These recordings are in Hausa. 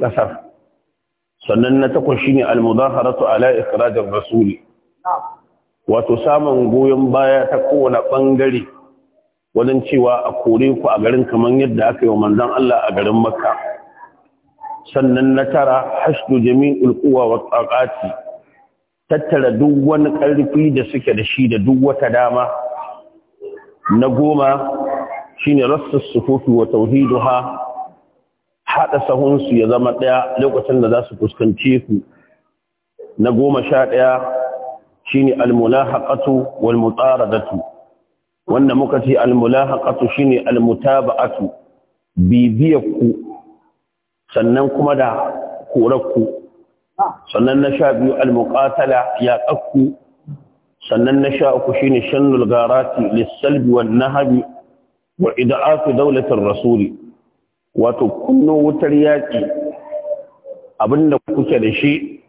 ƙasar sannan na takwas shine al-mudaharatu ala ikhraj ar-rasul wato samun goyon baya ta kowane bangare wajen cewa a kore ku a garin kaman yadda aka yi wa manzon Allah a garin Makka sannan na tara hashdu jami'ul quwa wa taqati tattara duk wani karfi da suke da shi da duk wata dama na goma shine rassus sufufi wa tauhiduha haɗa sahunsu ya zama ɗaya lokacin da za su fuskanci ku na goma sha ɗaya shi ne almulahaƙatu wal datu wanda muka ce almulahaƙatu shi ne almutaba'atu bibiyarku sannan kuma da korarku sannan na sha biyu almuƙatala yaƙakku sannan na sha uku shi ne shannul garati lissalbi wa nahabi wa ida'afi daulatin rasuli wato kunno wutar yaki, abinda kuke da shi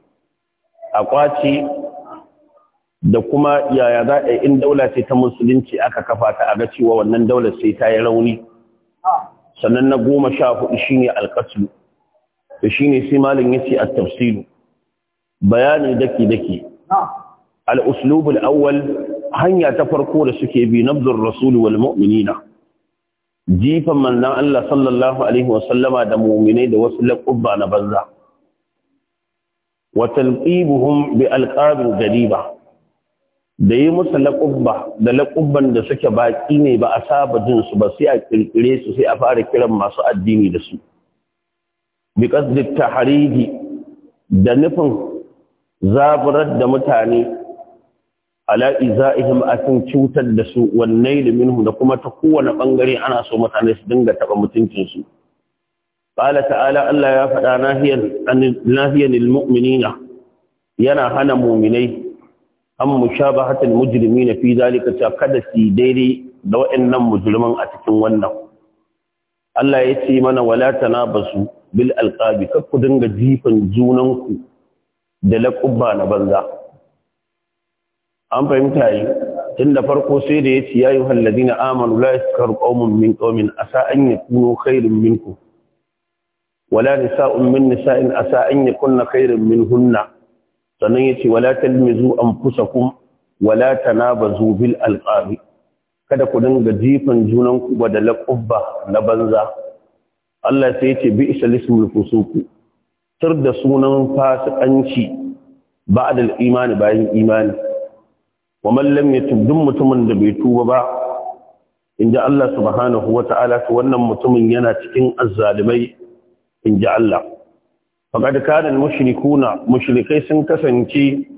a kwace da kuma yaya za a in daula ce ta musulunci aka kafa ta a ga cewa wannan daular sai ta yi rauni sannan na goma sha hudu shi ne alƙasu da shi sai malin ya ce a tafsiru bayani daki-daki al al'uslubul awwal hanya ta farko da suke bi nabzur rasulu wal mu'minina jifan manzan Allah sallallahu Alaihi wasallama da muminai da wasu laƙubba na banza, Watan talqibuhum bi alqabin gariba da yi musu laƙubba da laƙubban da suke baƙi ne ba a saba jinsu ba sai a ƙirƙire su sai a fara kiran masu addini da su. Bikas qasdi da nufin zaburar da mutane ala izaihim akan cutar da su wannan minhu da kuma ta kowane bangare ana so mutane su dinga taba mutuncin su qala ta'ala Allah ya faɗa nahiyan nahiyan lil yana hana mu'minai an mushabahatul mujrimina fi zalika ta kada su daidai da waɗannan musulman a cikin wannan Allah ya ce mana wala tanabasu bil alqabi kakku dinga jifan junanku da laqabba na banza an fahimta yi tun da farko sai da ya ce ya yi hallazi na amanu la yaskar qaumun min qaumin asa ya kuno khairun minku wala nisa'un min nisa'in asa an yakunna khairun minhunna sannan yace wala talmizu anfusakum wala ba bil alqabi kada ku dinga jifan junan ku da laƙubba na banza Allah sai yace bi isal ismul fusuq tur da sunan fasikanci ba'da imani bayan imani wa mallam ya duk mutumin da bai tura ba in Allah subhanahu wa ta'ala wannan mutumin yana cikin azzalimai in ji Allah faqad kana mushrikuna mushrikai sun kasance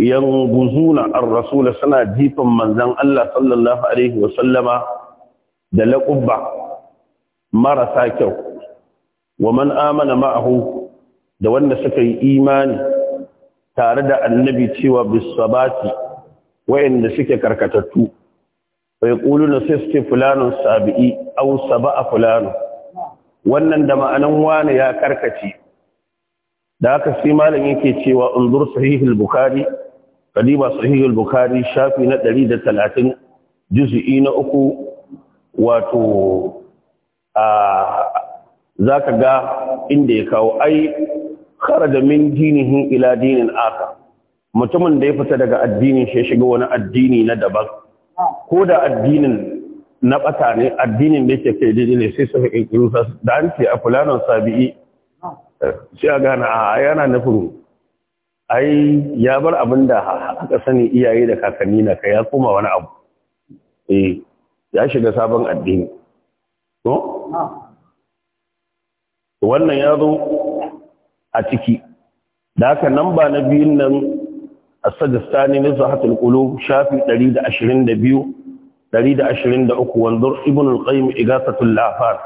yanguzuna ar-rasul suna jifan manzon Allah sallallahu alaihi wa sallama da laqabba marasa kyau wa man amana ma'ahu da wanda suka yi imani tare da annabi cewa bisabati wa'anda suke karkatattu bai na sisti fulanun sabi'i au a fulanu wannan da ma'anan wani ya karkace da haka sai malam yake cewa unzur sahihul bukhari kadiba sahihul Bukari, shafi na 130 juz'i na uku wato a zaka ga inda ya kawo ai kharaja min dinihi ila dinin aka mutumin da ya fita daga addinin shi ya shiga wani addini na daban ko da addinin na bata ne addinin da yake kai daidai ne sai su fi kirkiru da an ce a fulanon sabi'i sai a gana a yana nufin ai ya bar abin da aka sani iyaye da kakanni na kai ya koma wani abu eh ya shiga sabon addini to wannan ya zo a ciki da haka nan ba na biyun nan as-sajistani nizhatul qulub shafi 122 123 wanzur ibn al-qayyim igasatul lafaz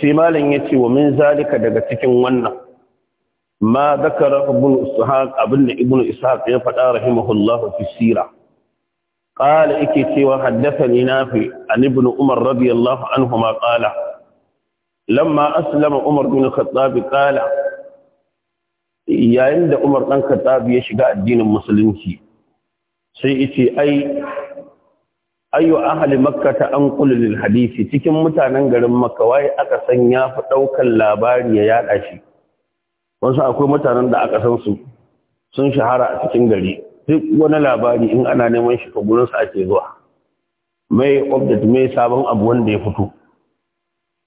sai malam yace wa min zalika daga cikin wannan ma zakara ibn ishaq abinda Ibnu ishaq ya faɗa rahimahullahu fi sirah قال إكتي وحدثني نافي عن ابن عمر رضي الله عنهما قال لما أسلم عمر بن الخطاب قال yayin da Umar ɗan Khattab ya shiga addinin musulunci sai yace ai ayu ahli makka ta an lil hadisi cikin mutanen garin makka wai aka san ya fi ɗaukan labari ya yada shi wasu akwai mutanen da aka san su sun shahara a cikin gari duk wani labari in ana neman shi ko gurin sa ake zuwa mai update mai sabon abu wanda ya fito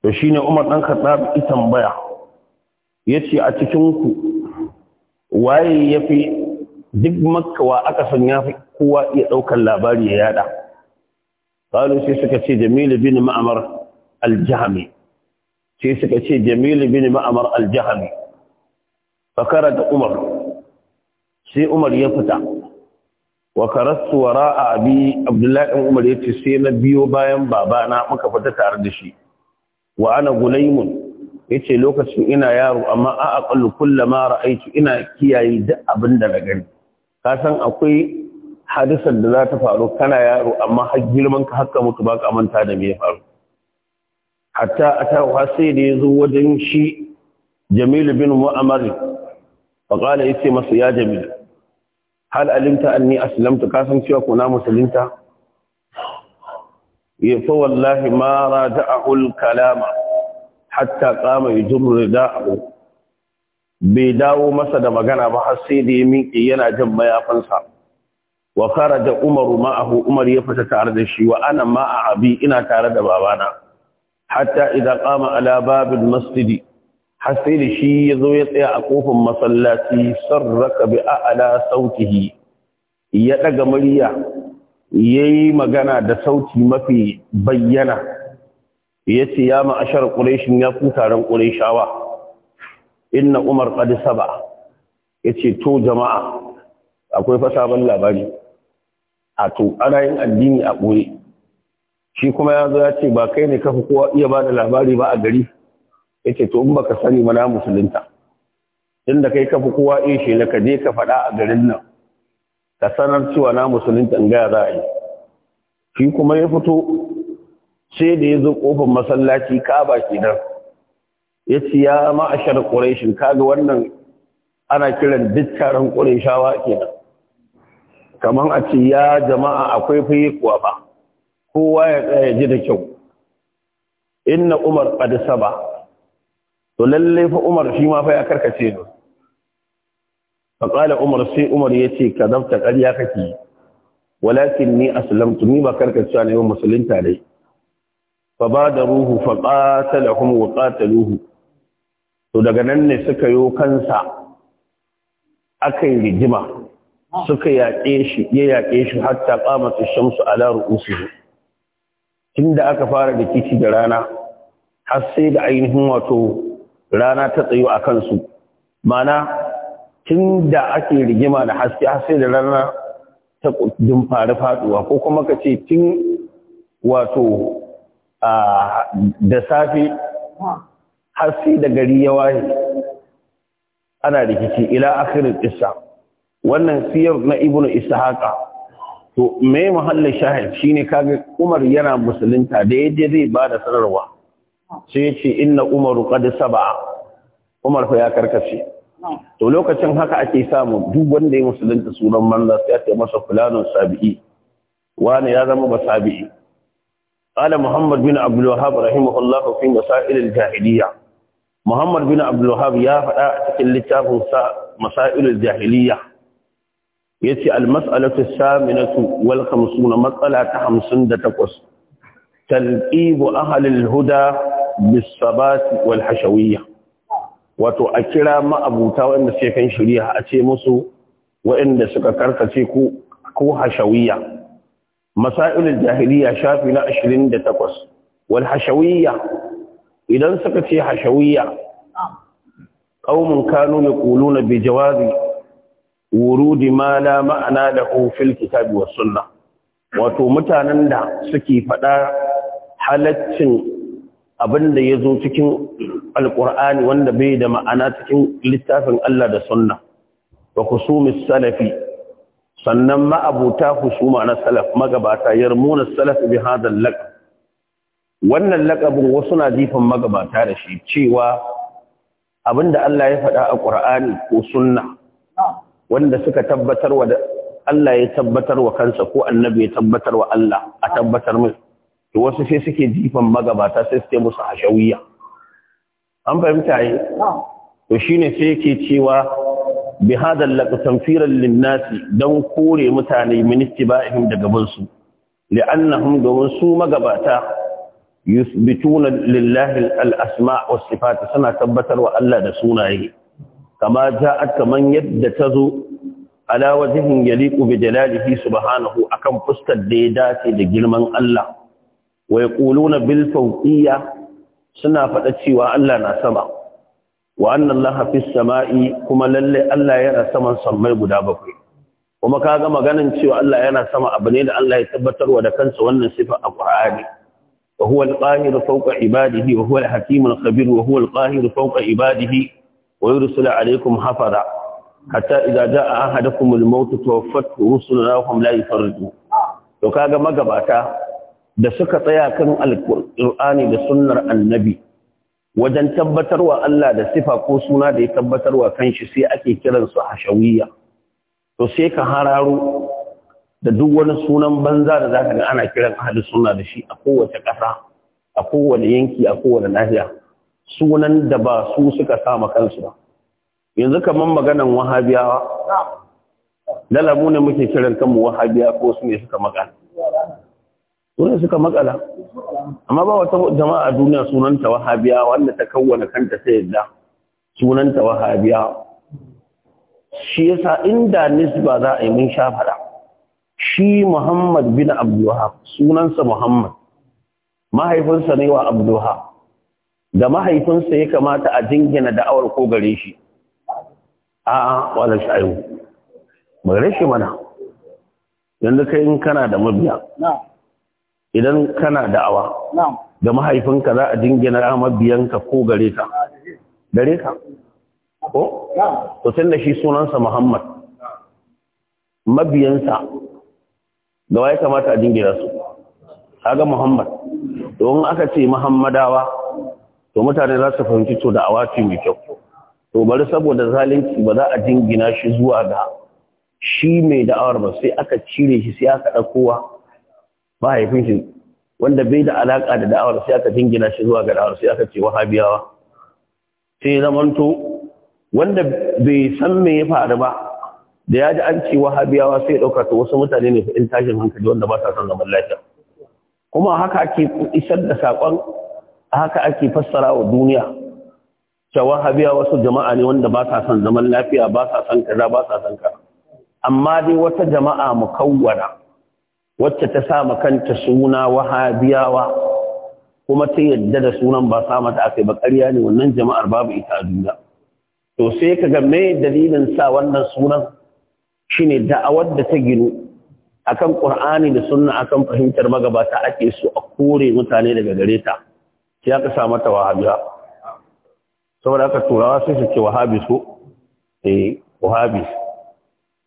to shine Umar dan Khattab ita tambaya yace a cikin ku waye ya fi duk makkawa aka san ya fi kowa iya ɗaukar labari ya yada ƙalu sai suka ce jamilu bin ma'amar aljahami sai suka ce jamilu bin ma'amar aljahami fakara da umar sai umar ya fita wa karastu wara a abi abdullahi umar ya ce sai na biyo bayan babana muka fita tare da shi wa ana gulaimun yace lokacin ina yaro amma a aqallu kullama ra'aytu ina kiyaye duk abin da na gani ka san akwai hadisar da za ta faru kana yaro amma har girman ka haka mutu ba ka manta da me ya faru hatta ata wa sai da yazo wajen shi Jamil bin Mu'ammar fa qala yace masa ya Jamil hal alimta anni aslamtu ka san cewa kuna musulunta ya fa wallahi ma rada'ul kalama hatta qama yujru rida'u bai dawo masa da magana ba har sai da ya miƙe yana jin mayafansa wa kharaja umaru ma'ahu umar ya fita tare da shi wa ana ma'a abi ina tare da babana hatta idan kama ala babil masjidi har sai da shi ya zo ya tsaya a kofin masallaci sarraka bi a'la sautihi ya daga murya yayi magana da sauti mafi bayyana ya ce ya ma'ashar ƙureshin ya ku taron ƙureshawa inna umar ƙadi saba ya ce to jama'a akwai fasaban labari a to ana yin addini a ɓoye shi kuma ya zo ya ce ba kai ne kafa kowa iya ba da labari ba a gari ya ce to in baka sani mana musulunta inda kai kafa kowa iya shi ka je ka faɗa a garin nan ka sanar cewa na musulunta in gaya za a yi shi kuma ya fito sai da ya zo kofar masallaci kaba kenan ya ce ya ma'ashar ƙureshin kaga wannan ana kiran ƙorashawa ke kenan kamar a ce ya jama'a akwai fi kuwa ba kowa ya tsaya ji da kyau inna umar ƙadi saba to lallai fa umar shi ma fa ya karkace ne faƙala umar sai umar ya ce ka zafta ƙarya kake walakin ni aslamtu ni ba karkacewa ne musulunta dai fabadaruhu faqatalahum wa qataluhu to daga nan ne suka yo kansa akai rigima suka yaƙe shi ya yaƙe shi hatta qamatu shamsu ala ru'usihi tunda aka fara rikici da rana har sai da ainihin wato rana ta tsayo a kansu mana tun ake rigima da haske sai da rana ta kudin fari faduwa ko kuma kace ce tun wato da safe har sai da gari ya waye ana rikici ila akhirin isa wannan siyar na ibnu ishaqa to me muhallin shahid shine kaga umar yana musulunta da yaje zai bada sanarwa sai yace inna umaru qad sab'a umar fa ya karkace to lokacin haka ake samu duk wanda ya musulunta sunan manzo sai ya ce masa fulanun sabi'i wani ya zama ba sabi'i قال محمد بن عبد الوهاب رحمه الله في مسائل الجاهلية محمد بن عبد الوهاب يا فدا cikin littafin sa masailul jahiliya yace al mas'alatu saminatu wal 50 mas'ala ta 58 talqibu ahli al huda Bisabati, sabat wato a kira ma'abuta wanda sai kan shari'a a ce musu waɗanda suka karkace ko hashawiyya masailul jahiliya shafi na 28 wal hashawiyya idan suka ce hashawiyya qaumun kanu yaquluna bi jawazi wurudi ma la ma'ana lahu fil kitabi was sunnah wato mutanen da suke faɗa halaccin abin da ya zo cikin Alƙur'ani wanda bai da ma'ana cikin littafin Allah da sunna wa kusumis salafi sannan ma'abuta husuma na salaf magabata yarmuna salaf bi hadha laqab wannan laqabin wasu na jifan magabata da shi cewa abinda Allah ya faɗa a Qur'ani ko sunna wanda suka tabbatar wa Allah ya tabbatar wa kansa ko annabi ya tabbatar wa Allah a tabbatar mai to wasu sai suke jifan magabata sai suke musu hashawiyya an fahimta yi to shine sai yake cewa bi hada laqtamfiran linnasi dan kore mutane min ittiba'ihim daga bansu li'annahum domin su magabata yusbituna lillahi al-asma' was-sifat suna tabbatar wa Allah da sunaye kama ja'at kaman yadda tazo ala wajhin yaliqu bi jalalihi subhanahu akan fuskar da ya dace da girman Allah wa yaquluna bil fawqiyya suna faɗa cewa Allah na sama wa anna sama'i kuma lalle Allah yana saman sammai guda bakwai kuma kaga maganan cewa Allah yana sama abu ne da Allah ya tabbatar wa da kansa wannan sifa a Qur'ani wa huwa al-qahir fawqa ibadihi wa huwa al-hakim wa huwa al-qahir ibadihi wa yursilu alaykum hafaza hatta idza jaa ahadakum al-maut tawaffat rusuluna wa hum layi yufarridu to kaga magabata da suka tsaya kan al da sunnar annabi wajen tabbatarwa Allah da sifa ko suna da ya tabbatarwa kanshi sai ake kiransu shawiyya to sai ka hararo da duk wani sunan banza da zaka ga ana kiran ahli suna da shi a kowace ƙasa a kowane yanki a kowane nahiya sunan da ba su suka sama kansu ba yanzu kamar maganan wahabiyawa lalamu ne muke kiran kanmu wahabiya ko su ne suka magana sune suka makala amma ba wata jama'a a duniya sunanta wahabiya wanda ta kawwana kanta sai yadda sunanta wahabiya shi yasa inda nisba za a yi mun sha fada shi Muhammad bin Abdulwahab sunansa Muhammad mahaifinsa ne wa Abdulwahab da mahaifinsa ya kamata a jingina da'awar ko gare shi a wala shayu gare shi mana yanzu kai in kana da mabiya idan kana da'awa ga mahaifinka za a dingina mabiyanka ko gare ka gare ka ko to da shi sunansa Muhammad mabiyansa ga waye kamata a dingina su kaga Muhammad in aka ce Muhammadawa to mutane za su fahimci to da'awa ce mai kyau to bari saboda zalunci ba za a dingina shi zuwa ga shi mai da'awar ba sai aka cire shi sai aka ɗaukowa ba haifin wanda bai da alaka da da'awar sai aka dingina shi zuwa ga da'awar sai aka ce wahabiyawa sai zamanto wanda bai san me ya faru ba da ya ji an ce wahabiyawa sai ya dauka to wasu mutane ne fadin tashin hankali wanda ba sa son zaman lafiya kuma haka ake isar da sakon haka ake fassara wa duniya cewa habiya wasu jama'a ne wanda ba sa son zaman lafiya ba sa son kaza ba sa son kaza amma dai wata jama'a mukawwara wacce ta sa kanta suna wahabiyawa kuma ta yadda da sunan ba sa mata aka ba ƙarya ne wannan jama'ar babu ita a duniya to sai ka ga me dalilin sa wannan sunan shine da'awar da ta ginu akan Qur'ani da sunna akan fahimtar magabata ake so a kore mutane daga gare ta sai aka sa mata wahabiya saboda aka turawa sai su ce wahabi eh wahabi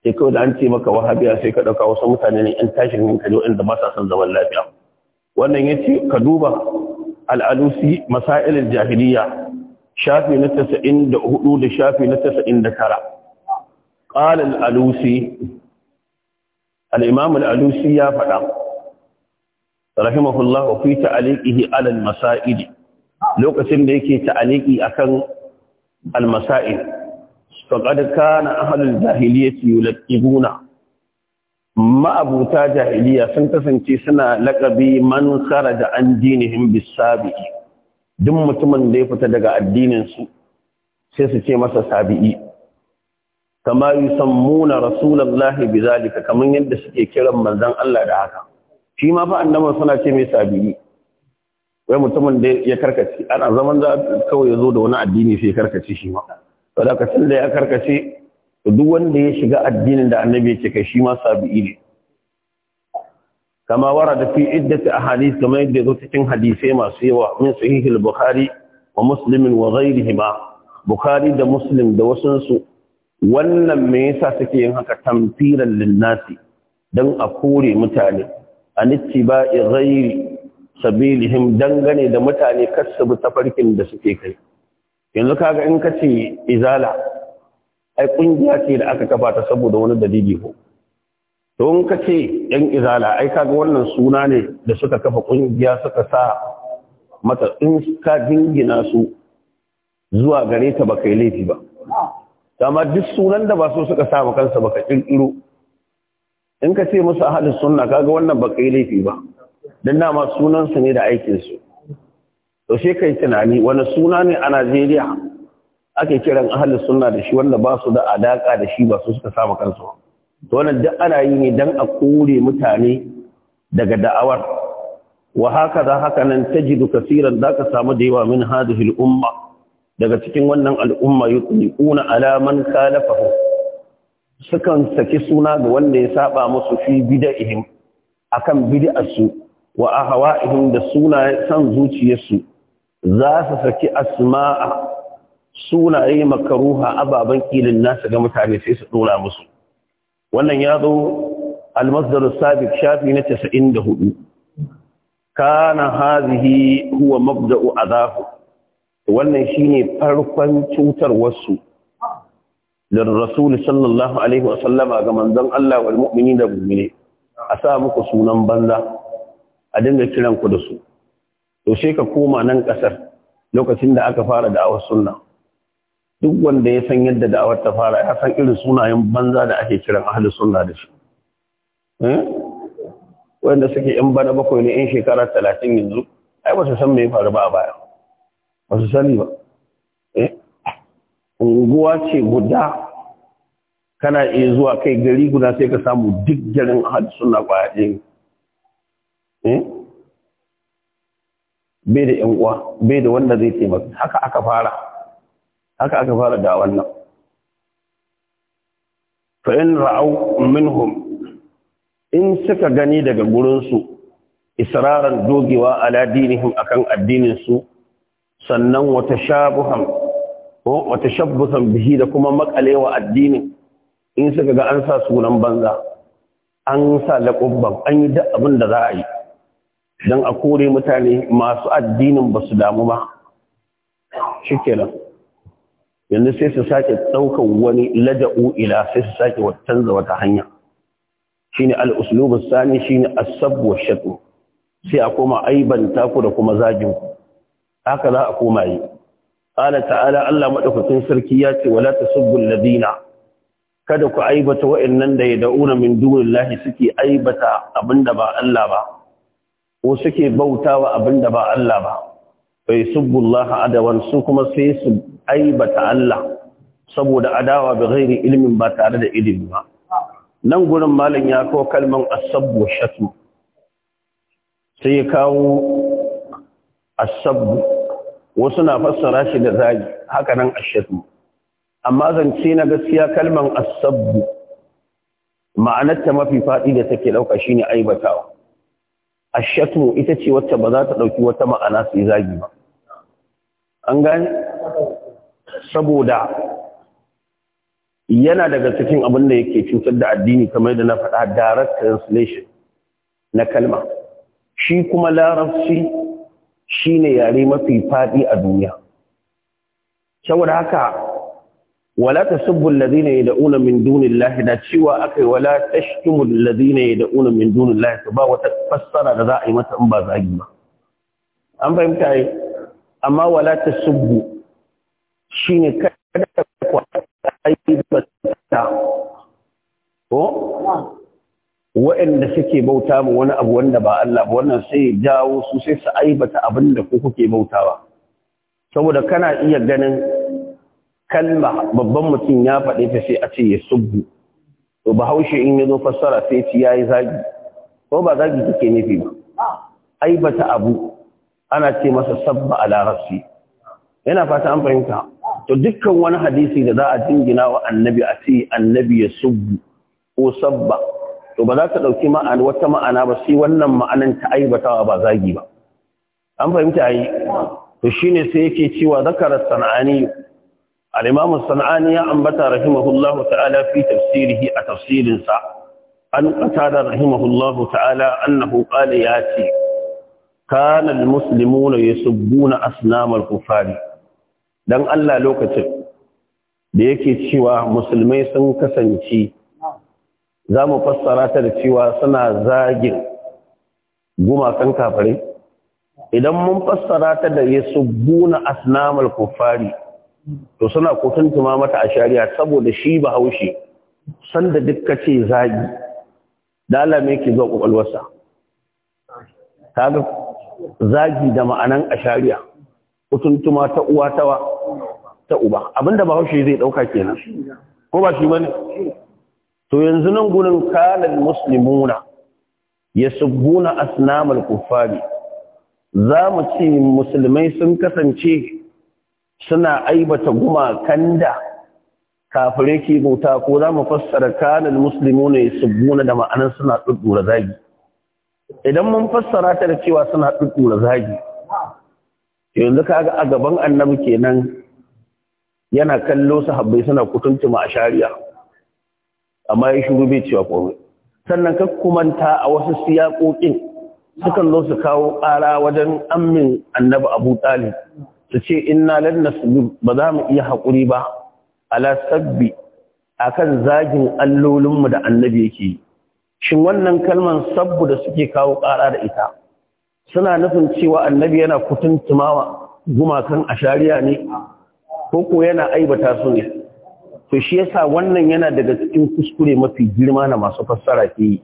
sai kawai da an ce maka wahabiya sai ka ɗauka wasu mutane ne ‘yan tashin hankali waɗanda ba sa son zaman lafiya wannan ya ce ka duba al'alusi masailin jahiliya shafi na tasa'in da hudu da shafi na tasa'in da tara ƙalar al'alusi al'imam al'alusi ya faɗa rahimahullah wa fi ta'aliƙihi alal masa'idi lokacin da yake ta'aliƙi akan al-masa'il faƙad kana ahalul jahiliyyati yulaqibuna ma'abuta jahiliya sun kasance suna laƙabi man da an dinihim bisabi'i duk mutumin da ya fita daga addinin su sai su ce masa sabi'i kama yusammuna rasulullahi bizalika kamar yadda suke kiran manzon Allah da haka shi ma fa suna ce mai sabi'i wai mutumin da ya karkace ana zaman za kawai ya zo da wani addini sai ya karkace shi ma sadakacin da ya karkace duk wanda ya shiga addinin da annabi ya ce kai shi ma sabi'i ne kama wara da fi a ahadith kamar yadda ya zo cikin hadisai masu yawa min sahih al-bukhari wa muslim wa ba, bukhari da muslim da wasansu wannan me yasa suke yin haka tamfiran linnasi dan a kore mutane anittiba'i ghayri sabilihim dangane da mutane kasabu tafarkin da suke kai yanzu kaga in ka ce izala ai kungiya ce da aka kafa ta saboda wani dalili ko to in ka ce yan izala ai kaga wannan suna ne da suka kafa kungiya suka sa mata in ka dingina su zuwa gare ta baka yi laifi ba dama duk sunan da ba so suka sa maka kansa baka kirkiro in ka ce musu ahlus sunna kaga wannan baka yi laifi ba dan dama sunan su ne da aikin su to sai kai tunani wani suna ne a Najeriya ake kiran ahalin sunna da shi wanda ba su da alaka da shi ba su suka samu kansu to wannan duk ana yi ne dan a kore mutane daga da'awar wa haka za haka nan tajidu kasiran ka samu da yawa min hadhihi al daga cikin wannan al'umma yuquna ala man khalafahu sukan saki suna ga wanda ya saba musu fi bid'ihim akan su wa ahwa'ihim da suna san zuciyarsu za su saki asma'a sunaye makaruha ababen kilin nasu ga mutane sai su dora musu wannan ya zo almasdar sabiq shafi na 94 kana hazihi huwa mabda'u azahu wannan shine farkon cutar wasu lir rasul sallallahu alaihi wa sallama ga manzon Allah wal mu'minin da mu'mine a sa muku sunan banza a dinga kiran ku da su to sai ka koma nan ƙasar lokacin da aka fara da'awar sunna duk wanda ya san yadda da'awar ta fara ya san irin sunayen banza da ake kiran ahli sunna da shi eh? wanda suke yan bana bakwai ne yan shekara talatin yanzu ai ba su san me ya faru ba a baya ba su sani ba eh? unguwa ce guda kana iya zuwa kai gari guda sai ka samu duk garin ahli sunna kwaya ɗaya eh? bai da yan uwa bai da wanda zai taimaka haka aka fara haka aka fara da wannan fa in minhum in suka gani daga gurinsu israran dogewa ala dinihim akan addininsu sannan wata shabuhan bihi da kuma makalewa addinin in suka ga an sa sunan banza an sa laƙubban an yi duk abin da za a yi don a kore mutane masu addinin ba su damu ba shi kenan yanzu sai su sake ɗaukar wani lada'u ila sai su sake canza wata hanya shi ne al'uslubus sani shi ne asabuwar shaɗu sai a koma aiban taku da kuma zagin ku haka za a koma yi ƙala ta'ala Allah maɗaukakin sarki ya ce wala ta subbul ladina kada ku aibata waɗannan da ya da'una min dunin lahi suke aibata abinda ba Allah ba ko suke bautawa abinda ba Allah ba bai subbullah adawan su kuma sai su aibata Allah saboda adawa bi ghairi ilmin ba tare da ilimi ba nan gurin malam ya kawo kalman asabbu shatu sai ya kawo asabbu wasu na fassara shi da zagi haka nan ashatu amma zance na gaskiya kalman asabbu ma'anarta mafi faɗi da take ɗauka shine aibatawa ashatu ita ce wacce ba za ta ɗauki wata ma'ana sai zagi ba an gani saboda yana daga cikin abin da yake cutar da addini kamar da na faɗa direct translation na kalma shi kuma larabci shine yare mafi faɗi a duniya saboda haka wala tasubbu alladhina yad'una min dunillahi da cewa akai wala tashtumu alladhina yad'una min dunillahi to ba wata fassara da za a yi mata in ba zagi ba an fahimta ai amma wala tasubbu shine kada ba ta ko waɗanda suke bauta mu wani abu wanda ba Allah ba wannan sai jawo su sai su aibata abinda da ku kuke bautawa saboda kana iya ganin kalma babban mutum ya faɗe ta sai a ce ya subbu to bahaushe in ya zo fassara sai ci ya yi zagi ko ba zagi kike nufi ba aibata abu ana ce masa sabba a larabci yana fata an fahimta to dukkan wani hadisi da za a jingina wa annabi a ce annabi ya subbu ko sabba to ba za ka ɗauki ma'ana wata ma'ana ba sai wannan ma'anan ta aibatawa ba zagi ba an fahimta yi to shine sai yake cewa zakarar sana'ani al’imamun sana’ani ya ambata rahimahullahu ta’ala fi tafsirihi a tafsirinsa an ƙata da rahimahullahu ta’ala annahu ƙali ya ce kanan musulmi na ya subbu na asinamar kufari don allah lokacin da yake cewa musulmai sun kasance za mu fassara ta da cewa suna zagin gumakan kafirai idan mun fassara ta da ya subbu na asinamar kufari to suna kutuntuma mata a shari'a saboda shi bahaushe sanda dukka ce zagi dala me yake zuwa kwakwalwarsa kaga zagi da ma'anan a shari'a kutuntuma ta uwa tawa ta uba abinda bahaushe zai dauka kenan ko ba shi bane to yanzu nan gurin kalal muslimuna yasubuna asnamal kuffari za mu ce musulmai sun kasance suna aibata gumakan da kafirai ke bauta ko za mu fassara kanin musulmi ne buna da ma'anar suna ɗuɗɗura zagi idan mun fassara ta da cewa suna ɗuɗɗura zagi yanzu kaga a gaban annabi kenan yana kallo su habbai suna kutuntuma a shari'a amma ya shuru bai cewa komai sannan ka kumanta a wasu siyaƙoƙin sukan zo su kawo ƙara wajen ammin annabi abu talib su ce inna lan ba za mu iya haƙuri ba ala sabbi akan zagin allolinmu da annabi yake yi shin wannan kalman sabbu da suke kawo ƙara da ita suna nufin cewa annabi yana kutuntumawa gumakan ashariya ne ko ko yana aibata su ne to shi yasa wannan yana daga cikin kuskure mafi girma na masu fassara ke yi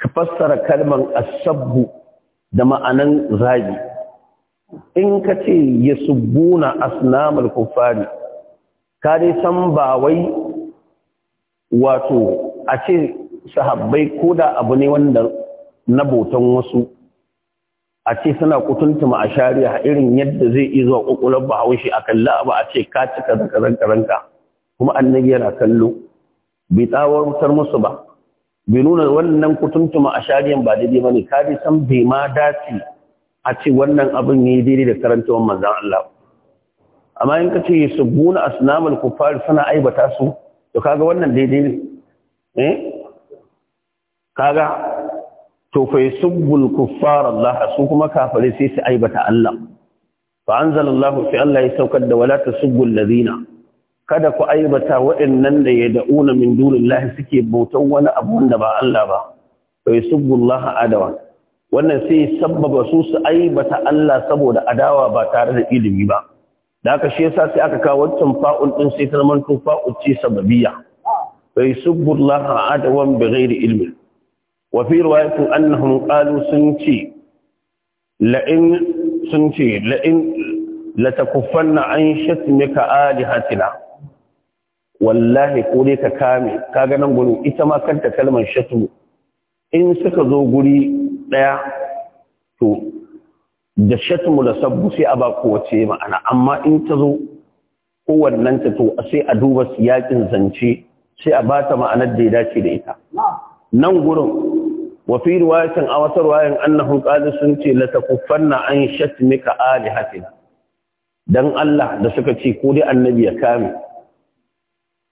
ka fassara kalman asabbu da ma'anan zagi in ka ce ya subuna asnamul kufari ka dai san ba wai wato a ce sahabbai ko da abu ne wanda na botan wasu a ce suna kutuntuma a shari'a irin yadda zai yi zuwa kokulan bahaushe a kalla abu a ce ka cika kaza karanka kuma annabi yana kallo bai wutar musu ba bai nuna wannan kutuntuma a sharia ba daidai bane ka dai san bai ma dace a ce wannan abin ne daidai da karantawar manzan Allah amma in ka ce su guna asnamul kufar suna aibata su to kaga wannan daidai ne eh? kaga to fa yasubbul kuffar Allah su kuma kafare sai su aibata Allah fa anzalallahu fi Allah ya saukar da wala tasubbul ladina kada ku aibata waɗannan da ya da'una min dunillahi suke bautan wani abu wanda ba Allah ba fa yasubbullaha adawan wannan sai sabbaba su su aibata Allah saboda adawa ba tare da ilimi ba da aka shi yasa sai aka kawo wancan fa'ul din sai ta zama fa'ul ce sababiyya bai yusubbullaha adawan bighairi ilmi wa fi riwayatin annahum qalu sun ce la'in sun ce la takuffanna an shatmika alihatina wallahi ko dai ka kame kaga nan gurin ita ma kanta kalmar shatmu in suka zo guri ɗaya to da shatmu da sabbu sai a ba kowace ma'ana amma in ta zo kowannen ta to sai a duba siyakin zance sai a ba ta ma'anar da ya dace da ita nan gurin wa fi riwayatin a wata riwayan annahu qalu sun ce la takuffanna an shatmika alihatina dan Allah da suka ce ko dai annabi ya kame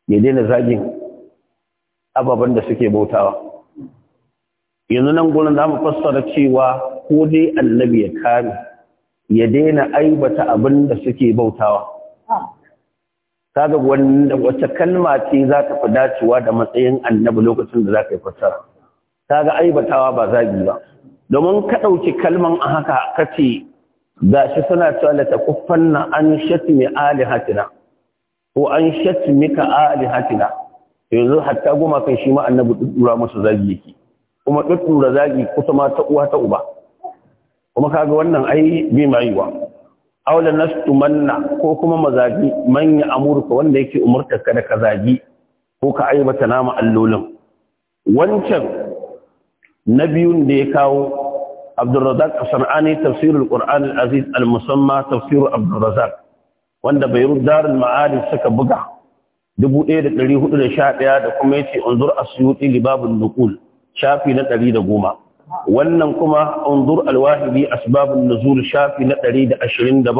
ya daina zagin ababen da suke bautawa yanzu nan gurin za mu fassara cewa ko dai annabi ya kame ya daina aibata abin da suke bautawa kaga wanda wata kalma ce za ta fi dacewa da matsayin annabi lokacin da za ka yi fassara kaga aibatawa ba zagi ba domin ka ɗauki kalman a haka ka ce ga shi suna cewa kuffan na an shatmi hatina. ko an Ali hatina. yanzu hatta goma gumakan shi ma annabi dura masa zagi yake kuma da zagi kusa ma ta uwa ta uba kuma kaga wannan ai bi ma yiwa aula nastu manna ko kuma mazagi manya ya amurka wanda yake umurtar ka da ka zagi ko ka aibata nama allolin wancan na biyun da ya kawo Abdulrazak Sanani tafsirul Qur'an al-Aziz al-Musamma Tafsir Abdulrazak wanda Bayrut Darul Ma'arif suka buga 1411 da kuma yace unzur asyuti libabun nuqul shafi na ɗari da goma wannan kuma undur alwahibi asbabun nuzul shafi na ɗari da ashirin da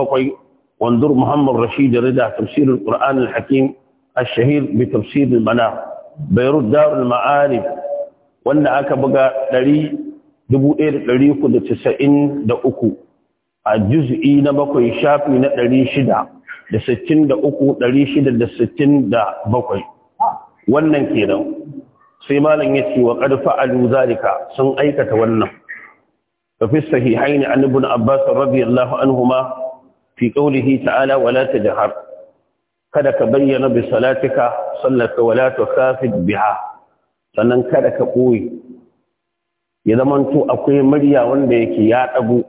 wandur muhammad rashid rida tafsirul qur'an al-hakim الشهير بتفسير mana بيروت دار المعارف wanda aka buga 1393 a juz'i na bakwai shafi na da 667 wannan kenan sai malam ce wa qad fa'alu zalika sun aikata wannan fa fi sahihain an ibn abbas radiyallahu huma fi qawlihi ta'ala wala jihar. kada ka bayyana bi salatika sallaka wala tukhafid biha sannan kada ka ɓoye ya zamanto akwai murya wanda yake ya dago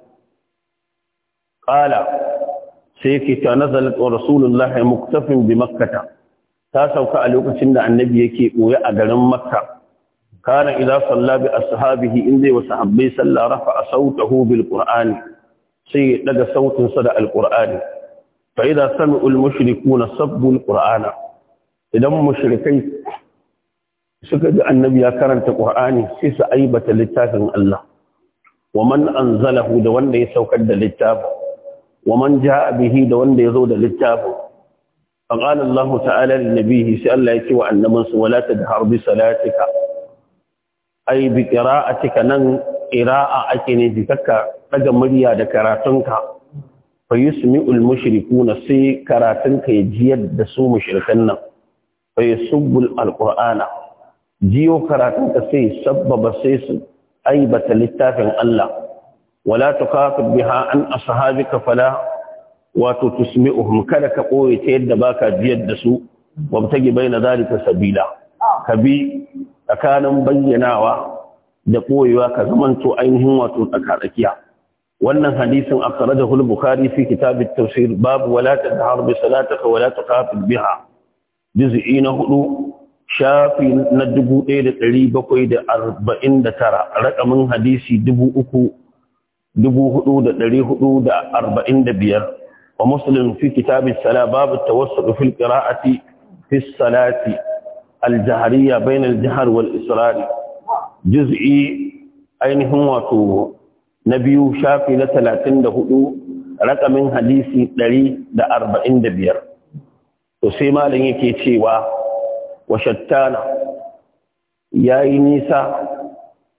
qala sai ke ta nazalat wa rasulullahi muktafin bi Makkata. ta sauka a lokacin da annabi yake ɓoye a garin makka kana idza salla bi ashabihi in zai wasu habbai salla rafa sautahu bil qur'ani sai daga sautin sa da alqur'ani fa idza sami'u al mushrikuna sabbu al qur'ana idan mushrikai suka ji annabi ya karanta qur'ani sai su aibata littafin Allah wa man anzalahu da wanda ya saukar da littafin wa man jaa bihi da wanda ya zo da littafin فقال الله تعالى لنبيه سأل لك وأنمس ولا تدهر بصلاتك أي بقراءتك نن قراءة أكني ذكك أجمريا دكراتنك فيسمع المشركون سي كراتنك يجيد دسو مشركنا فيسب القرآن جيو كراتنك سي سبب سيس أي بتلتاف الله ولا تخاطب بها عن أصحابك فلا wato tusmi'uhum kada ka koye ta yadda baka jiyar da su wabtagi baina zalika sabila kabi tsakanin bayyanawa da koyewa ka zamanto ainihin wato tsakatsakiya wannan hadisin akhrajahu al-bukhari fi kitab at-tafsir bab wala tadhhar bi salatika wala tuqatil biha juz'i na hudu shafi na 1749 rakamin hadisi 3445 ومسلم في كتاب الصلاة باب التوسط في القراءة في الصلاة الجهرية بين الجهر والإسرار جزئي أينهم وتو نبي شافي لثلاثين دهدو رقم حديثي دري دا أربعين دبير وسيما لنكي تيوا وشتانا يا نيسا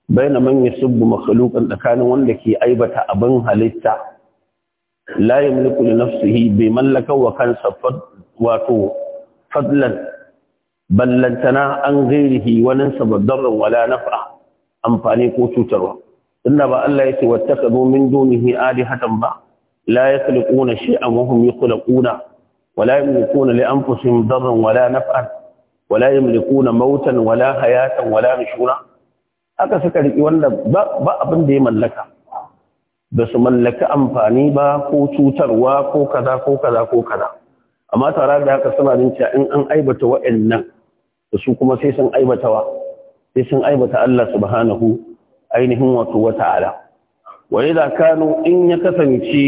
بين من يسب مخلوقا لكان وان لكي أيبة أبن هلتا la yamliku li nafsihi bai mallaka wa kansa wato fadlan ballantana an gairihi wani sabaddarran wala naf'a amfani ko cutarwa inda ba Allah ya ce domin min dunihi alihatan ba la yakhluquna shay'an wa hum yakhluquna wala yamlikuna li anfusihim darran wala naf'an wala yamlikuna mautan wala hayatan wala nushura aka suka riki wanda ba abin da ya mallaka ba su mallaki amfani ba ko cutarwa ko kaza ko kaza ko kaza amma tare da haka suna jin cewa in an aibata wa'annan da su kuma sai sun aibatawa sai sun aibata Allah subhanahu ainihin wato wa ta'ala wa idza kanu in ya kasance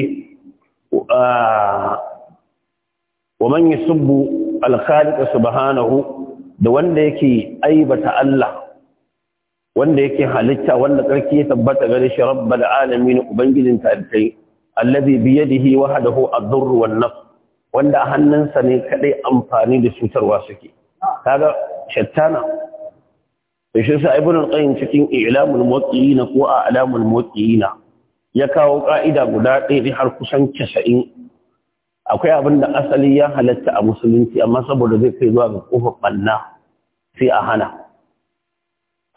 wa man yusubbu al-khaliq subhanahu da wanda yake aibata Allah wanda yake halitta wanda tsarki ya tabbata gare shi rabbal alamin ubangijin talibai allazi bi yadihi wahdahu ad-durr wan naf wanda hannunsa ne kadai amfani da cutarwa suke kaga shattana to shi sa ibnu qayyim cikin i'lamul muwaqqi'ina ko a'lamul muwaqqi'ina ya kawo ka'ida guda ɗaya har kusan 90 akwai abin da asali ya halatta a musulunci amma saboda zai kai zuwa ga kofar banna sai a hana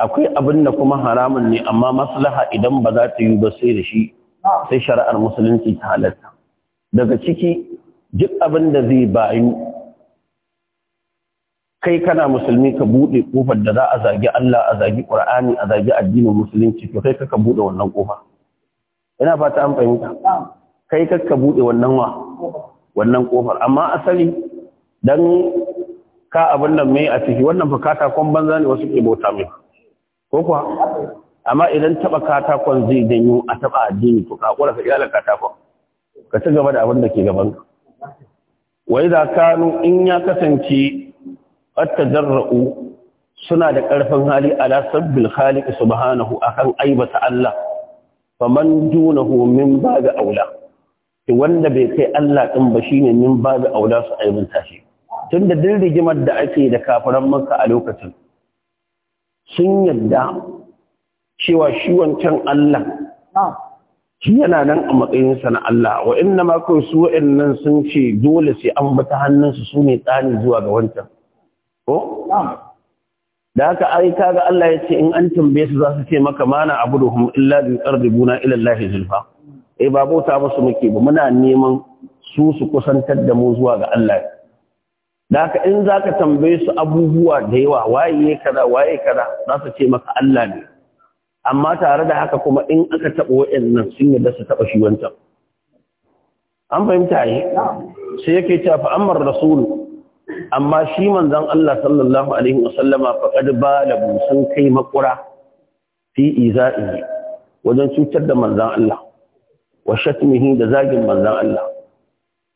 akwai abin da kuma haramun ne amma maslaha idan ba za ta yi ba sai da shi sai shari'ar musulunci ta halatta daga ciki duk abin da zai bayu kai kana musulmi ka buɗe ƙofar da za a zagi Allah a zagi Qur'ani a zagi addinin musulunci to kai kaka buɗe wannan ƙofa ina fata an fahimta kai kaka buɗe wannan wa wannan ƙofar amma asali dan ka abin nan mai a ciki wannan fa katakon banza ne wasu ke bauta mai ko kuwa amma idan taba katakon zai janyo a taba addini to kakura ka iyala katakon ka ci gaba da abin da ke gaban ka wai kanu in ya kasance atta jarra'u suna da ƙarfin hali ala sabbil khaliq subhanahu akan aibata Allah juna dunahu min baga aula to wanda bai kai Allah ɗin ba shine min baga aula su aibinta shi tunda din rigimar da ake da kafiran Makka a lokacin sun yadda cewa shi wancan Allah shi yana nan a matsayinsa na Allah wa inna ma kawai su wa'annan sun ce dole sai an bata hannunsu su ne tsani zuwa ga wancan ko da haka ai ga Allah ya ce in an tambaye su za su ce maka mana abu abuduhum illa bi qarribuna ila Allah zulfa eh ba bauta ba su muke ba muna neman su su kusantar da mu zuwa ga Allah da haka in za ka tambaye su abubuwa da yawa waye kaza waye kaza za su ce maka Allah ne amma tare da haka kuma in aka taɓa wa'annan sun yadda su taɓa shi wancan an fahimta yi sai yake cewa fa ammar rasulu amma shi manzon Allah sallallahu alaihi wasallama faqad bala sun kai makura fi iza'i wajen cutar da manzon Allah wa shatmihi da zagin manzon Allah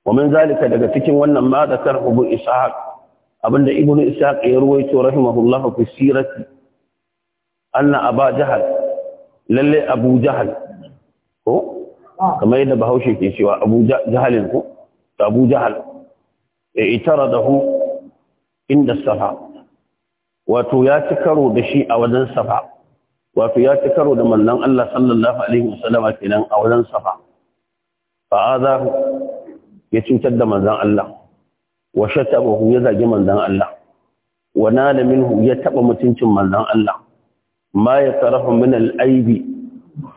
ومن ذلك zalika daga cikin wannan ma da tarhubu ishaq abinda ibnu ishaq ya ruwaito rahimahullahu fi sirati anna aba jahal lalle abu jahal ko kamar yadda bahaushe ke cewa abu jahalin ko abu jahal e, itaradahu inda safa wato ya ci karo da shi a wajen safa wato ya ci karo da mallan Allah sallallahu alaihi wasallam kenan a wajen safa fa azahu ya cutar da manzan Allah wa shatabahu ya zagi manzan Allah wa nala minhu ya taba mutuncin manzan Allah ma ya sarafa min al'aibi,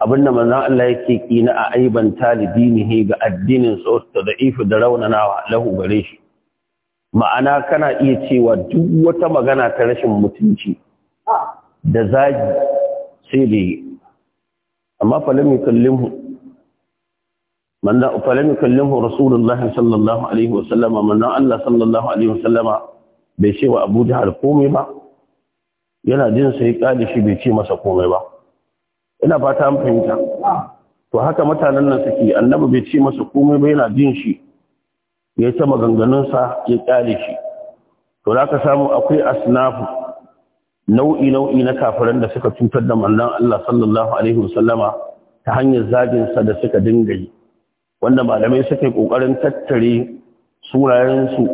abinda manzan Allah yake kina a aiban talibinihi ga addinin sa da ifu da raunanawa lahu gare shi ma'ana kana iya cewa duk wata magana ta rashin mutunci da zagi sai da amma fa lam من ذا فلم يكلمه رسول الله صلى الله عليه وسلم من الله صلى الله عليه وسلم bai ce wa Abu Jahal komai ba yana jin sai kali shi bai ce masa komai ba ina fata an fahimta to haka mutanen nan suke annabi bai ce masa komai ba yana jin shi ya ta maganganunsa ya kali shi to za ka samu akwai asnafu nau'i nau'i na kafiran da suka cutar da manzon Allah sallallahu alaihi wasallama ta hanyar zagin sa da suka dinga yi wanda malamai suka yi ƙoƙarin tattare surayensu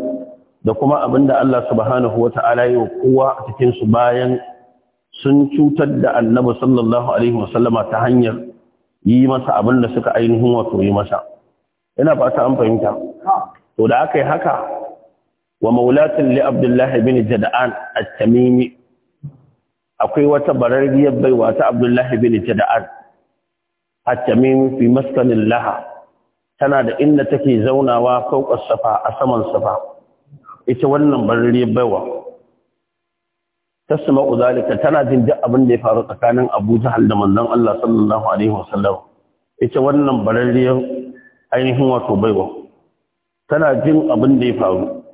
da kuma abin da Allah subhanahu wa ta'ala yi wa kowa a cikinsu bayan sun cutar da annabi sallallahu alaihi wasallama ta hanyar yi masa abin da suka ainihin wato yi masa ina fata an fahimta to da aka yi haka wa maulatin li abdullahi bin jada'an at-tamimi akwai wata bararriyar baiwa ta abdullahi bin jada'an at-tamimi fi maskanin laha tana da inda take zaunawa fauƙar safa a saman safa ita wannan barri baiwa tasma uzalika tana jin duk abin da ya faru tsakanin Abu Jahal da manzon Allah sallallahu alaihi wasallam ita wannan bararriyar ainihin wato baiwa tana jin abin da ya faru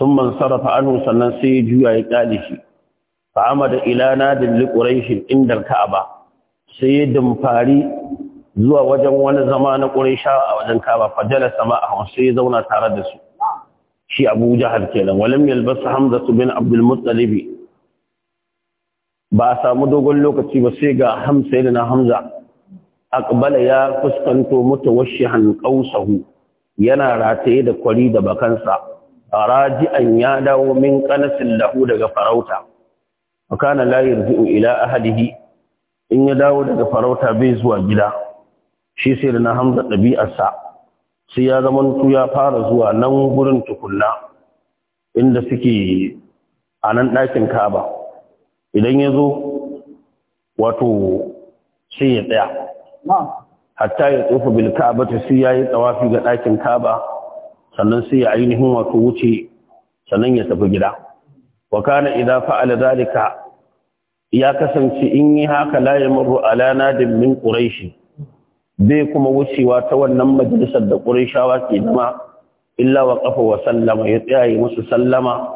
thumma sarafa sarrafa anhu sannan sai juya ya kyale shi fa'ama da ilana da liƙurashin indar ka'aba sai ya damfari zuwa wajen wani zama na sha a wajen kaba fajalar sama a hausa ya zauna tare da su shi abu jahar kenan walam yalbasa su bin abdul ba a samu dogon lokaci ba sai ga hamsa yana hamza akbala ya fuskanto mutawashshihan sahu, yana rataye da kwari da bakansa raji'an ya dawo min ƙanasin lahu daga farauta wa kana la ila ahadihi in ya dawo daga farauta bai zuwa gida shi sai da na hamza ɗabi'arsa sai ya zama tu ya fara zuwa nan gurin tukunna inda suke a nan ɗakin kaba idan ya zo wato sai ya tsaya hatta ya tsofa bil kaba ta sai ya yi tsawafi ga ɗakin kaba sannan sai ya ainihin wato wuce sannan ya tafi gida wa kana idan fa'ala zalika ya kasance in yi haka la yamru ala nadin min quraishi bai kuma wucewa ta wannan majalisar da ƙurishawa ke zama illa wa ƙafa wa sallama ya tsaye musu sallama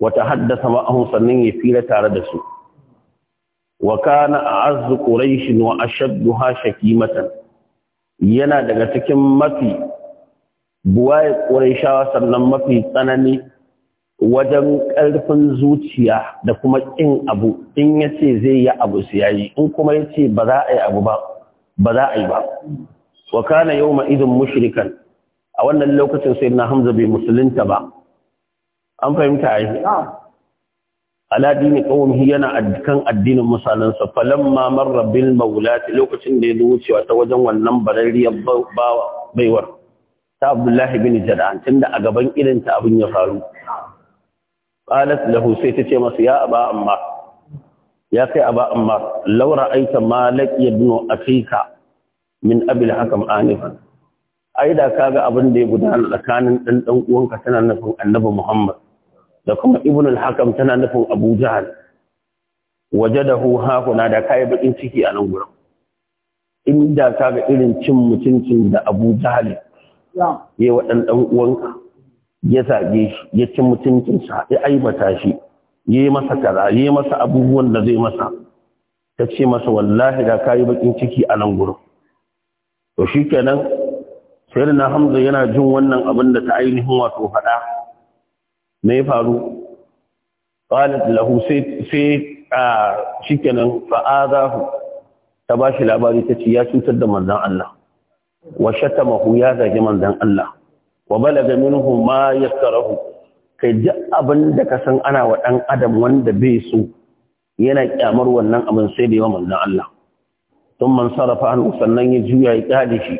wata haddasa ma'ahun sannan ya fira tare da su wa kana a arzu ƙurishin wa ashaddu ha shakimatan yana daga cikin mafi buwaye ƙurashawa sannan mafi tsanani wajen ƙarfin zuciya da kuma ƙin abu in ya ce zai yi abu su yayi in kuma ya ce ba za a yi abu ba ba za a yi ba wa kana ma idin mushirikan. a wannan lokacin sai na hamza bai musulunta ba an fahimta ai ala dini qawmihi yana kan addinin musalansa Falon mamar rabin mawlat lokacin da ya wucewa ta wajen wannan barariyar bawa baiwar ta abdullahi bin jada'an tunda a gaban irinta abin ya faru qalat lahu sai ta ce masa ya aba amma ya kai ba amma laura aita malik ibn afika min abil hakam anifan ai da kaga abin da ya gudana tsakanin dan uwanka tana nufin annabi muhammad da kuma ibn al-hakam tana nufin abu jahal wajadahu hakuna da kai bakin ciki a nan gurin inda kaga irin cin mutuncin da abu jahal ya wa dan uwanka ya zage shi ya ci mutuncinsa ya aibata shi yi masa kaza yi masa abubuwan da zai masa ta ce masa wallahi da kayi bakin ciki a nan gurin to shikenan sayyidina hamza yana jin wannan abin da ta ainihin wato faɗa me ya faru qalat lahu sai sai shikenan fa'adahu ta bashi labari ta ce ya cutar da manzon Allah wa shatamahu ya zagi manzon Allah wa balaga minhu ma yakrahu kai duk abin da ka san ana wa ɗan adam wanda bai so yana kyamar wannan abin sai da yawan manzon Allah tun man sarrafa hannu sannan ya juya ya kyale shi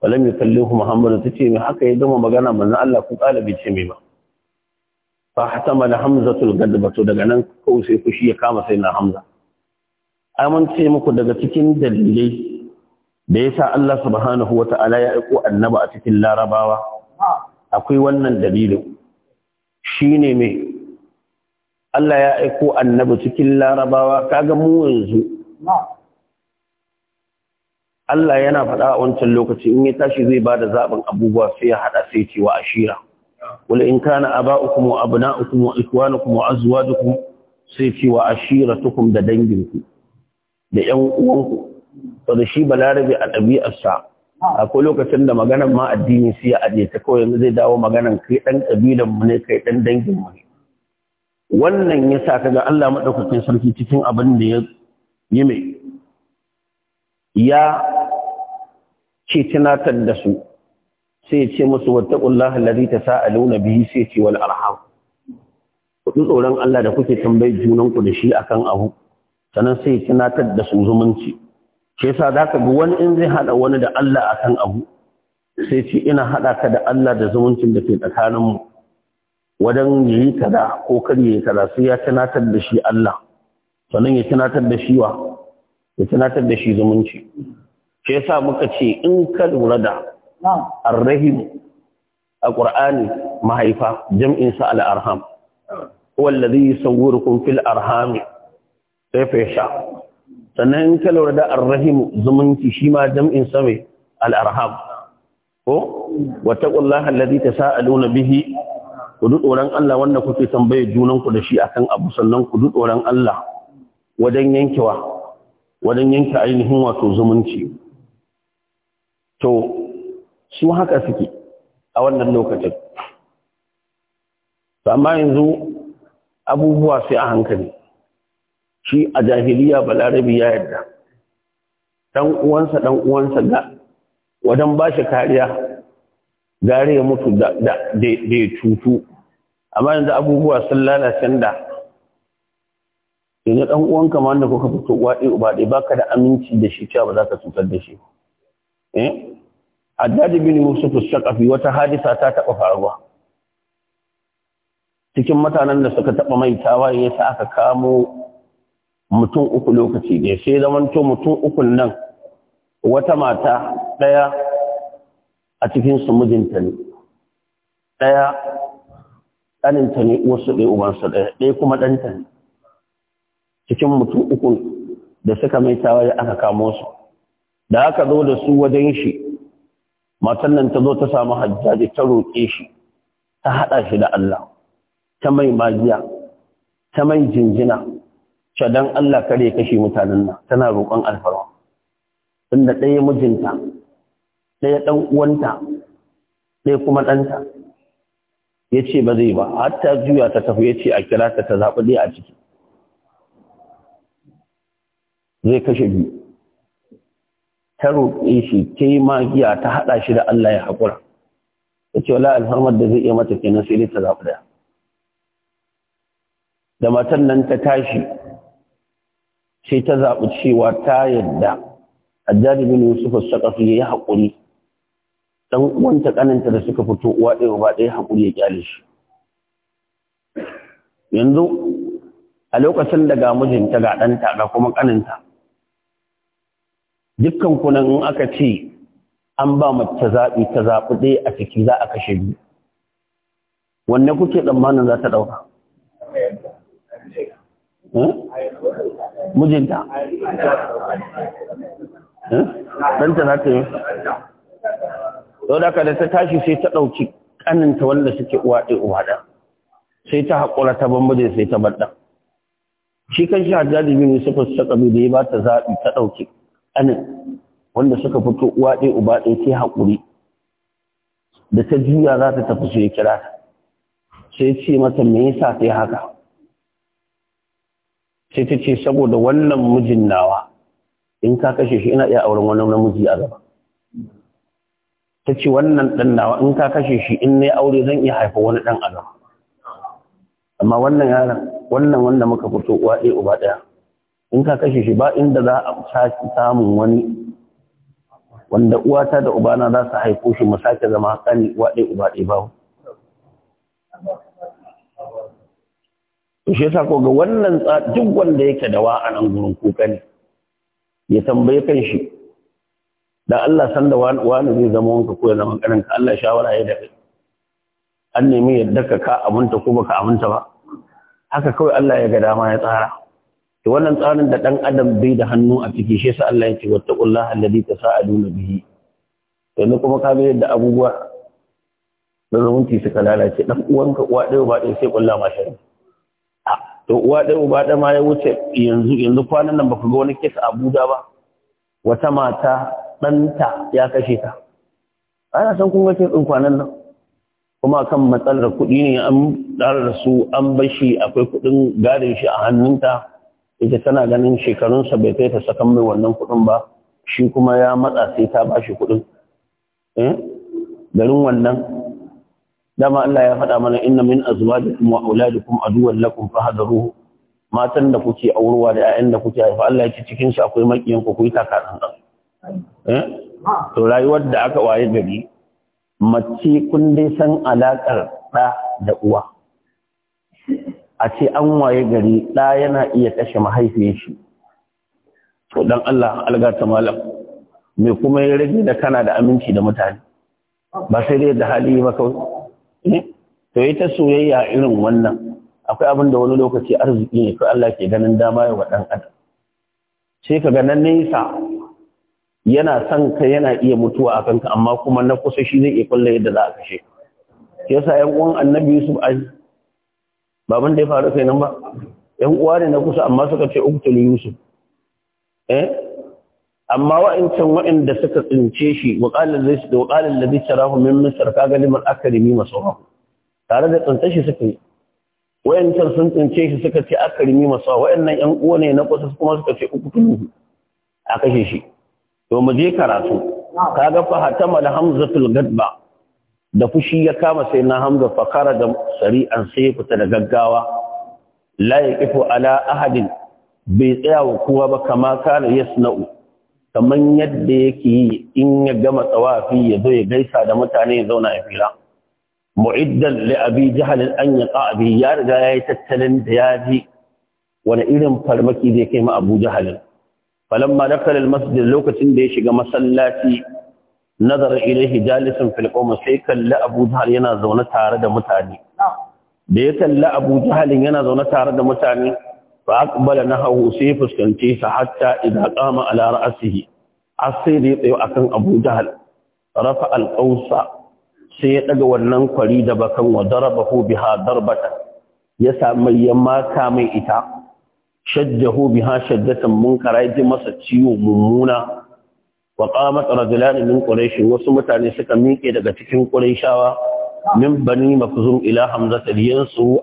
walam yukallihu muhammad ta ce mai haka ya gama magana manzon Allah ku kalabi ce mai ba fa hatamala hamzatul gadba to daga nan kawai sai fushi ya kama sai na hamza amince muku daga cikin dalilai da yasa Allah subhanahu Ta'ala ya aiko annaba a cikin larabawa akwai wannan dalilin shine mai Allah ya aiko annabi cikin larabawa kaga mu yanzu Allah yana faɗa a wancan lokaci in ya tashi zai bada da zaɓin abubuwa sai ya haɗa sai ce wa ashira wala in kana aba'ukum wa abna'ukum wa ikwanukum wa azwajukum sai ce wa ashiratukum da danginku da ƴan uwanku to da shi balarabi a ɗabi'arsa akwai lokacin da maganan ma addini sai ya aje ta kawai yanzu zai dawo maganan kai dan kabilan mu ne kai dan dangin mu ne wannan yasa kaga Allah madaukakin sarki cikin abin da ya yi mai ya ce tunatar da su sai ce musu wattaqullaha allazi tasaluna bihi sai ce wal arham ku tsoron Allah da kuke tambayar junanku da shi akan abu sannan sai tunatar da su zumunci shi yasa za ka ga wani in zai haɗa wani da Allah akan abu sai ce ina haɗa ka da Allah da zumuncin da ke tsakaninmu wajen yi da ko kar yi da sai ya tunatar da shi Allah sannan ya tunatar da shi wa ya tunatar da shi zumunci shi yasa muka ce in ka lura da arrahim a ƙur'ani mahaifa jam'in sa al-arham huwa alladhi yusawwirukum fil arham kayfa sha. sannan in ka lura da arrahim zumunci shi ma jam'in sa al al'arham ko wattaqullaha allazi tasaaluna bihi ku duk Allah wanda kuke tambaye junan ku da shi akan abu sannan ku duk Allah wajen yankewa wajen yanke ainihin wato zumunci to su haka suke a wannan lokacin amma yanzu abubuwa sai a hankali shi a jahiliya balarabi ya yarda dan uwansa dan uwansa ga wajen ba shi kariya gare ya mutu da da tutu amma yanzu abubuwa sun lalace da yanzu dan uwanka ma wanda kuka fito uwa ɗaya uba ɗaya baka da aminci da shi cewa ba za ka cutar da shi eh Haddad bin Yusuf al-Saqafi wata hadisa ta taba faruwa cikin mutanen da suka taba mai tawaye sai aka kamo mutum uku lokaci ne sai zamanto mutum ukun nan wata mata ɗaya a su mijinta ne ɗaya ɗaninta ne wasu ɗaya ubansa ɗaya ɗaya kuma ɗanta ne cikin mutum uku da suka mai tawaye aka kamo su da aka zo da su wajen shi matan nan ta zo ta samu hajjaji ta roƙe shi ta haɗa shi da Allah ta mai magiya ta mai jinjina Sha don Allah kare kashe mutanen nan tana roƙon alfarma Inda ɗaya mijinta ɗaya ɗan uwanta ɗaya kuma ɗanta ya ce ba zai ba hatta juya ta tafi ya ce a kira ta ta zaɓi ɗaya a ciki zai kashe biyu ta roƙe shi ta yi magiya ta haɗa shi da Allah ya haƙura Ya ce wala alfarmar da zai iya mata kenan sai dai ta zaɓi ɗaya da matan nan ta tashi sai ta zaɓi cewa ta yadda a bin yusuf sakafi ya yi haƙuri dan uwanta kananta da suka fito uwa ɗaya ba ɗaya haƙuri ya kyale shi yanzu a lokacin da ga mijinta ga ɗanta ga kuma ƙaninta dukkan kunan in aka ce an ba mace zaɓi ta zaɓi ɗaya a ciki za a kashe biyu wanne kuke tsammanin za ta ɗauka Eh? mijinta eh? ɗanta za ta yi da da ta tashi sai ta ɗauki ƙaninta wanda suke uwa ɗaya sai ta haƙura ta bambade sai ta baɗa shi kan shi biyu ne suka saka biyu da ya ba ta zaɓi ta ɗauki ƙanin wanda suka fito uwa ɗaya uba ɗaya sai haƙuri da ta juya za ta tafi su ya kira ta sai ce mata me yasa sai haka sai ta ce saboda wannan mijin nawa in ka kashe shi ina iya auren wani namiji a gaba ta ce wannan ɗan nawa in ka kashe shi in na aure zan iya haifa wani ɗan a gaba amma wannan yaron wannan wanda muka fito uwa ɗaya uba ɗaya in ka kashe shi ba inda za a sake samun wani wanda uwata da ubana za su haifo shi mu sake zama kani uwa ɗaya uba ɗaya ba to shi yasa ko ga wannan duk wanda yake da wa a nan gurin kuka ne ya tambaye kan shi da Allah san da wani zai zama wanka ko ya zama karin ka Allah shawara ya dafe an nemi yadda ka ka aminta ko baka aminta ba haka kawai Allah ya ga dama ya tsara to wannan tsarin da dan adam bai da hannu a ciki shi yasa Allah ya ce wattaqullaha alladhi tasaaluna bihi ne kuma ka ga yadda abubuwa da zumunci suka lalace dan uwanka uwa ɗaya ba ɗaya sai kullama sharri to uwa ɗaya uba ɗaya ma ya wuce yanzu yanzu kwanan nan baka ga wani a Abuja ba wata mata ɗanta ya kashe ta ana san kun ga ɗin kwanan nan kuma kan matsalar kuɗi ne an ɗara da su an bashi akwai kuɗin gadin shi a hannunta ita tana ganin shekarunsa bai kai ta sakan mai wannan kuɗin ba shi kuma ya matsa sai ta bashi kuɗin eh? garin wannan dama Allah ya faɗa mana inna min azwajikum wa auladikum aduwwan lakum fahdaruhu matan da kuke aurewa da ƴaƴan da kuke haifa Allah ya ce cikin shi akwai makiyan ku kuyi ta eh to rayuwar da aka waye gari mace kun dai san alakar ɗa da uwa a ce an waye gari da yana iya kashe mahaifiyar shi to dan Allah algata malam me kuma ya rage da kana da aminci da mutane ba sai dai da hali ba kawai Eh? to ita soyayya irin wannan akwai abin da wani lokaci arziki ne ko Allah ke ganin dama ya wadan adam sai ka ga nan nesa yana son ka yana iya mutuwa a kanka amma kuma na kusa shi zai iya kulle yadda za a kashe yasa yan uwan annabi Yusuf ai baban da ya faru kai nan ba yan uwa ne na kusa amma suka ce uqtul Yusuf eh amma wa'ancan wa'anda suka tsince shi wa qala allazi wa qala allazi tarahu min misr kaga liman masu masawahu tare da tsince shi suka yi wa'ancan sun tsince shi suka ce masu masawa wa'annan yan uwa ne na kusa kuma suka ce uku tuluhu a kashe shi to mu je karatu ga fa hatama da hamzatul gadba da fushi ya kama sai na hamza fa kharaja sari'an sai ya fita da gaggawa la ya ala ahadin bai tsaya wa kowa ba kama kana yasna'u kamar yadda yake yi in ya gama tsawafi ya zo ya gaisa da mutane ya zauna ya fira mu'iddan li abi an ya abi ya riga ya yi tattalin da ya ji wani irin farmaki zai kai ma abu jahalin falamma dakala almasjid lokacin da ya shiga masallaci nazar ilaihi jalisin Filkoma, sai kalli abu jahal yana zaune tare da mutane da ya kalla abu jahalin yana zaune tare da mutane fa aqbala nahahu sai fuskanci sa hatta idza qama ala ra'sihi asiri tsayo akan Abu Jahl rafa al sai ya ɗaga wannan kwari da bakan wa darabahu biha darbatan ya samu yamma ka mai ita shajjahu biha shaddatan munkara yaji masa ciwo mummuna wa qamat rajulan min quraish wasu mutane suka miƙe daga cikin quraishawa min bani mafzum ila hamzata a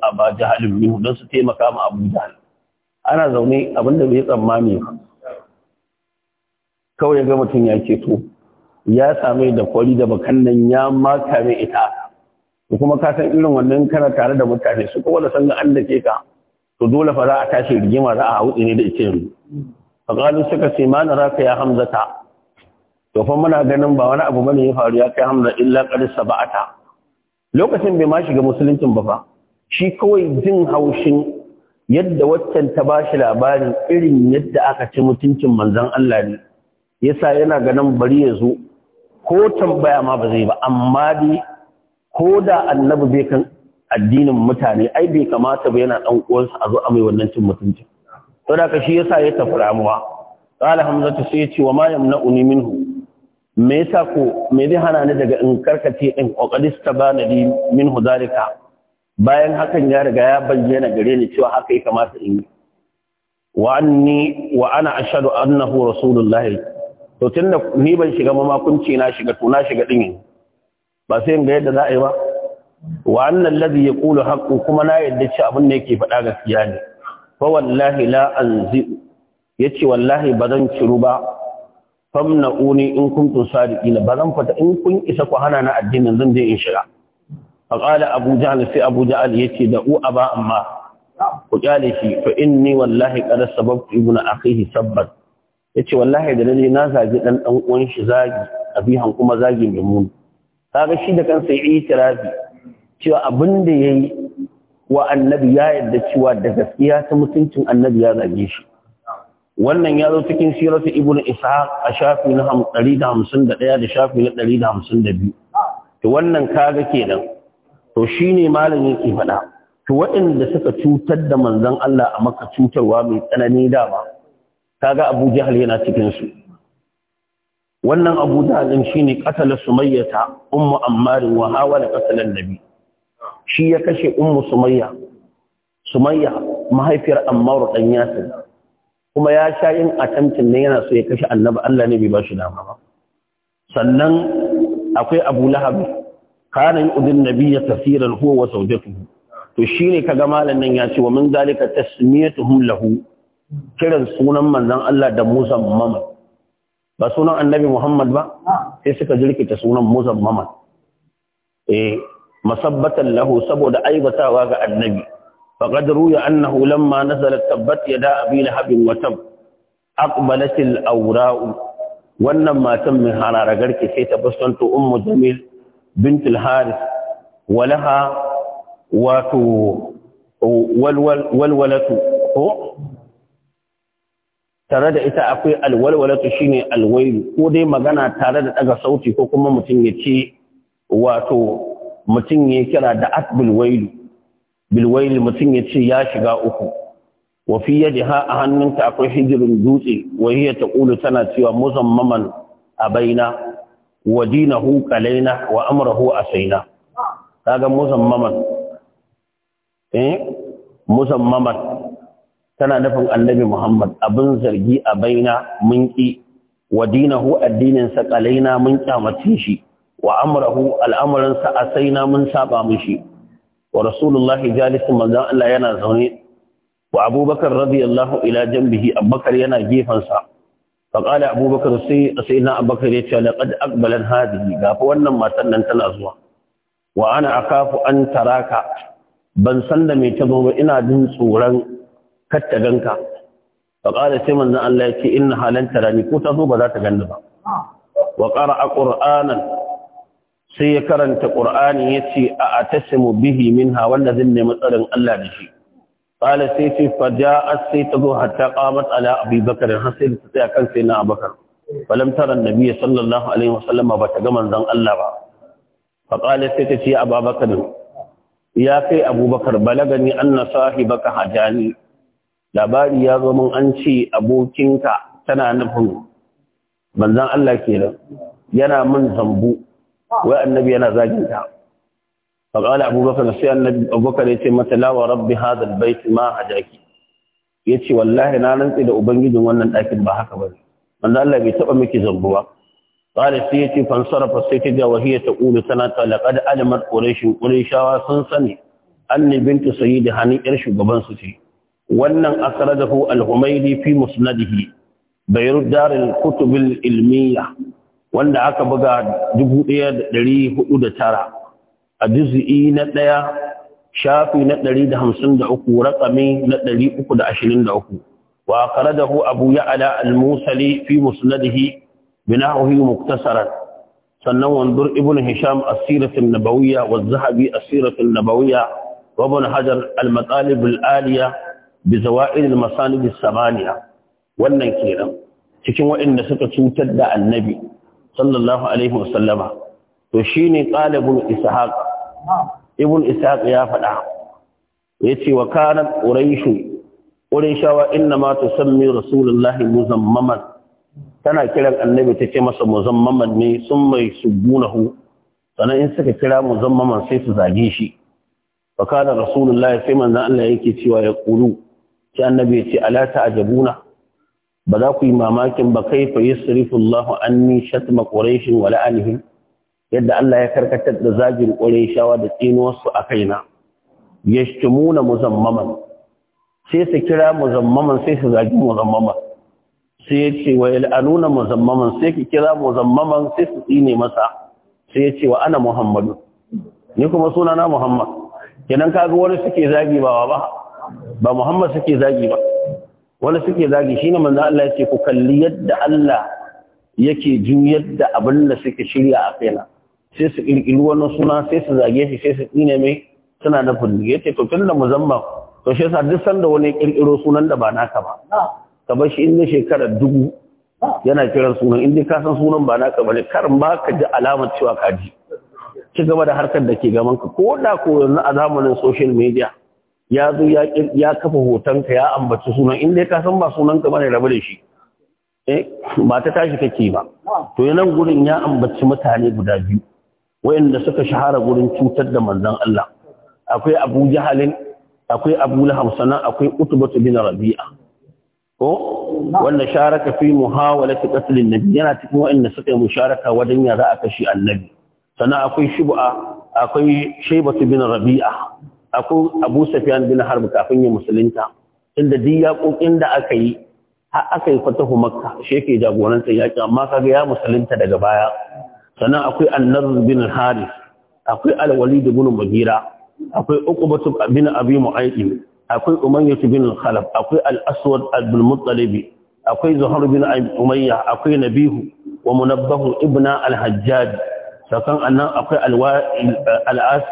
aba jahl min dan su taimaka ma Abu Jahl ana zaune abinda bai tsammani ba kawai ga mutum ya ke to ya same da kwari da bakan nan ya maka mai ita to kuma ka san irin wannan kana tare da mutane su ko wala san an da ke ka to dole fa za a tashi rigima za a hautsi ne da ita fa qalu suka ce ma naraka ya hamzata to fa muna ganin ba wani abu bane ya faru ya kai hamza illa qad sab'ata lokacin bai ma shiga musuluncin ba fa shi kawai jin haushin yadda waccan ta ba shi labarin irin yadda aka ci mutuncin manzan Allah ne yasa yana ganin bari ya zo ko tambaya ma ba zai ba amma dai ko da annabi bai kan addinin mutane ai bai kamata ba yana ɗan uwansa a zo a mai wannan cin mutuncin to da ka shi yasa ya tafi ramuwa qala hamzatu sai ya ce wa na uni minhu me yasa ko me zai hana ni daga in karkace din qadis ba li minhu zalika bayan hakan ya riga ya bayyana gare ni cewa haka ya kamata in yi wa anni wa ana ashhadu annahu rasulullahi to tunda ni ban shiga makunci na shiga to na shiga din ba sai in ga yadda za a yi ba wa annal ladhi yaqulu haqqu kuma na yadda ci abin da yake faɗa gaskiya ne fa wallahi la anzi yace wallahi ba zan ciru ba uni in kuntum sadiqina ba zan fata in kun isa ku hana na addinin zan je in shiga a Abuja abu sai abu jahal ya ce da u aba amma ku ƙyale shi fa ni wallahi qad sababtu ibnu akhihi Ya yace wallahi da naje na zagi dan uwan shi zagi abihan kuma zagi mai muni ga shi da kansa yi itirafi cewa abin da yayi wa annabi ya yarda cewa da gaskiya ta mutuncin annabi ya zage shi wannan ya zo cikin siratu ibnu ishaq a shafi na 151 da shafi na 152 to wannan kaga kenan to shi ne malamin yake faɗa to waɗanda suka cutar da manzan Allah a maka cutarwa mai tsanani dama kaga Abu Jahal yana cikin su wannan Abu Jahal din shine Sumayya ta, ummu wahawa wa hawala qatala Nabi shi ya kashe ummu Sumayya Sumayya mahaifiyar Ammar ɗan Yasir kuma ya sha yin attempting ne yana so ya kashe Annabi Allah ne bai ba shi dama ba sannan akwai Abu lahabi kana yu'din ya tafsirar huwa wa tuhu, to shi ne kaga malam nan ya ce wa min zalika tasmiyatuhum lahu kiran sunan manzon Allah da Musa Muhammad ba sunan annabi Muhammad ba sai suka jirkita sunan Musa Muhammad eh masabbatan lahu saboda aibatawa ga annabi faqad ruya annahu lamma nazalat tabbat yada abi lahab wa tab aqbalatil awrau wannan matan mai hararagarki garke sai ta fuskanto ummu jamil بنت الحارث ولها واتو والول والولة tare da ita akwai alwalwalatu shine alwailu ko dai magana tare da daga sauti ko kuma mutum ya ce wato mutum ya kira da asbil wailu bil wailu mutum ya ce ya shiga uku wa fi yadiha a hannunta akwai hijirin dutse wa hiya taqulu tana cewa muzammaman a baina wa dinahu qalaina wa amrahu asaina kaga musammaman eh musammaman tana nufin annabi Muhammad abin zargi a baina mun ki wa dinahu addinin sa mun kyamace shi wa amrahu al'amran sa asaina mun saba mishi wa rasulullahi jalisun manzon Allah yana zaune wa abubakar radiyallahu ila janbihi abubakar yana gefensa. فقال Abubakar sai na سيدنا ابو بكر يا لقد اقبلن هذه غاف wannan matan nan tana zuwa wa ana akafu an taraka ban san da mai ta zo ba ina jin tsoran katta ganka فقال سي من الله يكي halin حالن تراني ko ta zo ba za ta ganni ba wa qara'a sai ya karanta qur'ani yace a mu bihi min hawan minha wallazin ne matsarin Allah da shi. قال سيتي فجاءت سيتبو حتى قامت على أبي بكر حسن تتأكل سيدنا أبو بكر فلم ترى النبي صلى الله عليه وسلم بتجمن ذن الله فقال سيتي يا أبا بكر يا كي أبو بكر بلغني أن صاحبك حجاني labari ya zo min an ce abokinka tana nufin manzan Allah kenan yana min zambu wai annabi yana zaginta فقال أبو بكر سي النبي أبو بكر يتي متى لا ورب هذا البيت ما حجاك يتي والله لا ننتي دا أبنجد وانا لكن با حكا بني من الله بيتبع مكي زنبوا قال سيتي فانصرف سيتي وهي تقول سنة لقد علمت قريش قريشا سنسني أني بنت سيد هني إرش قبان ستي wannan akradahu al-humaydi fi musnadihi bayrut dar al-kutub al-ilmiya wanda aka buga 1409 a juz'i na ɗaya shafi na ɗari da hamsin da uku raƙami na ɗari uku da ashirin da uku wa qaradahu abu ya'la al-musali fi musnadihi binahu muktasaran sannan wandur ibn hisham as-sirah nabawiyya wa zahabi as-sirah nabawiyya wa hajar al-matalib al-aliya bi zawaid al-masanid samaniya wannan kenan cikin waɗanda suka cutar da annabi sallallahu alaihi sallama to shine qalibul ishaq ibn ishaq ya faɗa yace wa kanat quraish quraishawa inna tusammi rasulullahi muzammaman tana kiran annabi ta ce masa muzammaman ne sun mai subunahu sannan in suka kira muzammaman sai su zage shi fa kana rasulullahi sai manzan Allah yake cewa ya qulu sai annabi ya ce ala ta'jabuna ba za ku yi mamakin ba kai fa yasrifu anni shatma quraish wa la'anihim yadda Allah ya karkatar da zagin shawa da tsinuwarsu a kaina yashtumuna muzammaman sai su kira muzammaman sai su zagi muzammaman sai ya ce wa yal'anuna muzammaman sai ki kira muzammaman sai su tsine masa sai ya ce wa ana muhammadu ni kuma suna na muhammad kenan kaga wani suke zagi ba ba ba muhammad suke zagi ba wani suke zagi shine manzan Allah ya ce ku kalli yadda Allah yake juyar da abin da suke shirya a kaina sai su ƙirƙiri wani suna sai su zage shi sai su tsine mai suna nufin ya ce to tun da muzamman to shi yasa duk sanda wani ƙirƙiro sunan da ba naka ba ka bar shi inda shekarar dubu yana kiran sunan in dai ka san sunan ba naka ba ne kar ma ka ji alamar cewa ka ji ci gaba da harkar da ke gaban ka ko da ko yanzu a zamanin social media ya zo ya kafa hoton ka ya ambaci sunan in ka san ba ka ba ne rabu da shi eh, ba ta tashi kake ba to yanan gurin ya ambaci mutane guda biyu wayanda suka shahara gurin cutar da manzon Allah akwai Abu Jahal akwai Abu Lahab sanan akwai Utbah bin Rabi'a ko wanda sharaka fi muhawalati qatl an-nabi yana cikin wayanda suka yi musharaka wajen ya za a kashi annabi sannan akwai Shub'a akwai Shaybah bin Rabi'a akwai Abu Sufyan bin Harb kafin ya musulunta inda duk kokin da aka yi har aka yi fatahu makka shi yake jagorantar yaƙi amma kaga ya musulunta daga baya sannan akwai annar bin haris akwai alwali bin mugira akwai uqbatu bin abi mu'ayyib akwai umayyah bin khalaf akwai al-aswad bin muttalib akwai Zuhar bin umayyah akwai nabihu wa munabbahu ibna al-hajjaj sakan annan akwai al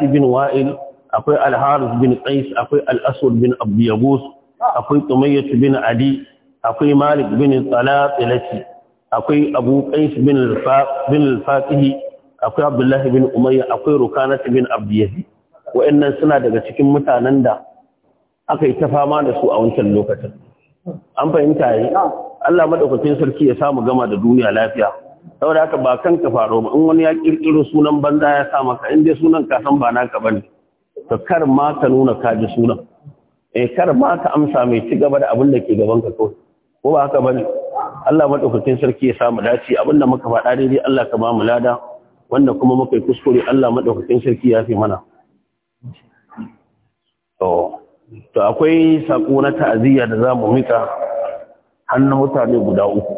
bin wa'il akwai al-haris bin qais akwai al-aswad bin abdi akwai umayyah bin ali akwai malik bin talatilati akwai abu qais bin al akwai abdullahi bin umayya akwai rukanat bin abdiyazi wa'annan suna daga cikin mutanen da aka yi ta fama da su a wancan lokacin an fahimta yi Allah madaukakin sarki ya samu gama da duniya lafiya saboda haka ba kan ka faro ba in wani ya kirkiro sunan banza ya sa maka in dai sunan ka san ba naka bane to kar ma ka nuna ka ji sunan eh kar ma ka amsa mai ci gaba da abin da ke gaban ka kawai ko ba haka bane Allah madaukakin sarki ya samu dace abinda muka faɗa daidai Allah ka ba mu lada wanda kuma muka yi kuskure Allah madaukakin sarki ya fi mana to to akwai sako na ta'aziyya da zamu mika hannun mutane guda uku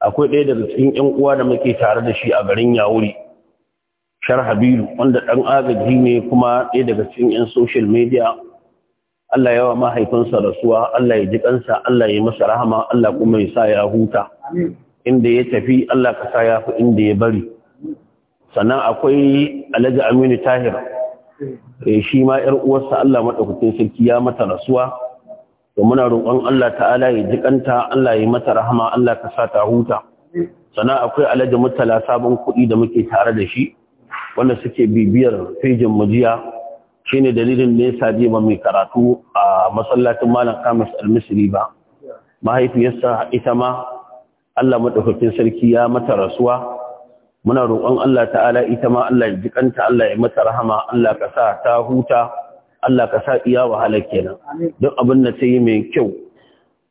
akwai ɗaya daga cikin ƴan uwa da muke tare da shi a garin Yawuri Shar Habiru, wanda dan agaji ne kuma ɗaya daga cikin ƴan social media Allah yawa mahaifinsa rasuwa Allah ya ji ƙansa, Allah ya masa rahama Allah kuma ya sa ya huta inda ya tafi Allah ka sa ya fi inda ya bari sannan akwai Alhaji Aminu Tahir hmm. eh, shi ma ‘yar uwarsa Allah maɗaukakin sarki ya mata rasuwa, da muna roƙon Allah ta'ala ya jikanta Allah ya mata rahama Allah ka sa ta huta. Sannan akwai alhaji mutala sabon kuɗi da muke tare da shi, wanda suke bibiyar fejin mujiya shine dalilin da yasa bai ba mai karatu a masallacin malam Kamis al-Misri ba mahaifiyarsa ita ma Allah madaukakin sarki ya mata rasuwa muna roƙon Allah ta'ala ita ma Allah ya jikanta Allah ya mata rahama Allah ka sa ta huta Allah ka sa iya wahala kenan duk abin da ta yi mai kyau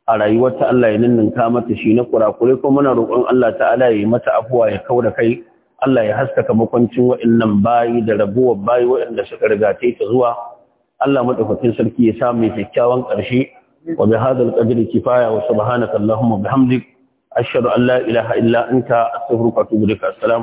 a rayuwarta Allah ya ninninka mata shi na kurakure kuma muna roƙon Allah ta'ala ya yi mata afuwa ya kauda kai Allah ya haskaka makwancin wa'annan bayi da rabuwar bayi waɗanda suka rigata ta zuwa Allah madaukakin sarki ya sa mai kyakkyawan ƙarshe wa bi hadal qadri kifaya wa subhanaka allahumma bihamdik ashhadu an la ilaha illa anta astaghfiruka wa atubu ilaik assalamu